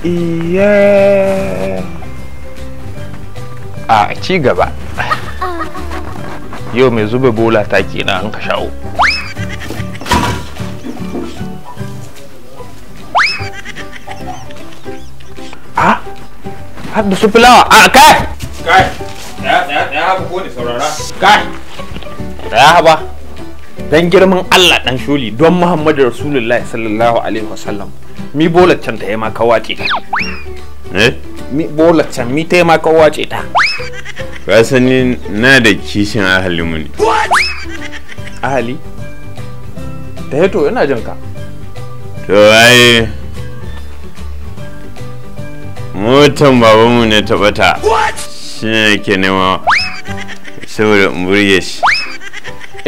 iya a ci gaba yau mai zuba bola ta kenan an ka shawo. a har da su fulawa a kai kai ya haba ko ne saurara kai ya haɓa dan girman allah dan sholi don muhammadu rasulullahi sallallahu alaihi wasallam mi bolar ta yi ma ka wace ta eh mi bolar mi ta ma ka wace ta ka na da kishin ahali mu ne ahali ta heto yana jin ka to ai motan babanmu ne ta bata shi ne ke nema saboda in burge shi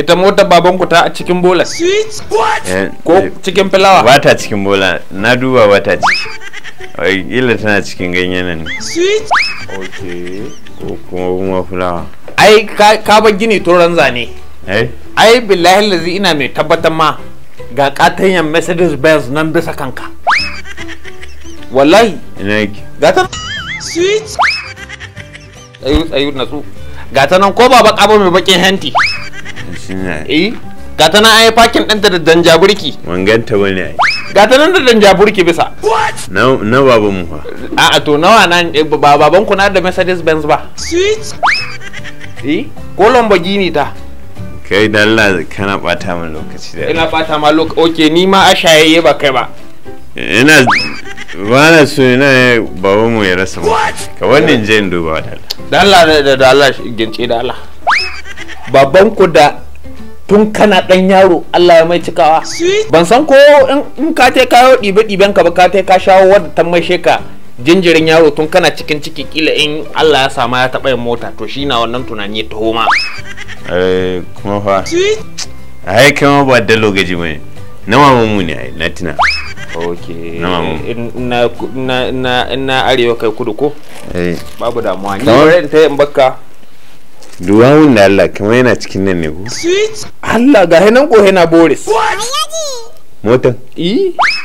ita motar babanku ta a cikin bola eh, ko eh, cikin filawa ba ta cikin bola na duba ba ta ciki illa tana cikin ganye nan ok ko kuma kuma filawa ai ka ba gini turan zane eh? ai billahi lazi ina mai tabbatar ma ga katanyan mercedes benz nan bisa kanka wallahi ina yake gata sweet ayu ayu natsu gata nan ko ba kaba mai bakin hanti eh ga ta nan ai fakin ɗanta da danja burki wanganta ba ne ga ta nan da danja burki bisa na baban mu a a to nawa nan eh, ba baban ku na da mercedes benz ba switch eh ko lamborghini ta kai dalla kana bata min lokaci da ina bata ma lokaci okay ni ma a shayayye ba kai ba ina ba su ina baban mu ya rasa mu ka wannan je in duba dalla dalla da dalla gince dalla baban ku da tun kana dan yaro Allah ya mai cikawa ban san ko in ka te kayo ɗibe ɗiben ka ba ka te ka shawo wadda ta mai sheka jinjirin yaro tun kana cikin ciki kila in Allah ya sama ya taba yin mota to shi na wannan tunani ya taho ma eh kuma fa ai kuma ba da lokaci mai na mamu ne na tina ok na na na arewa kai kudu ko eh. babu damuwa ni ta yin bakka duwawun da Allah kamar yana cikin nan ne ko Allah ga henan ko hena Boris motan eh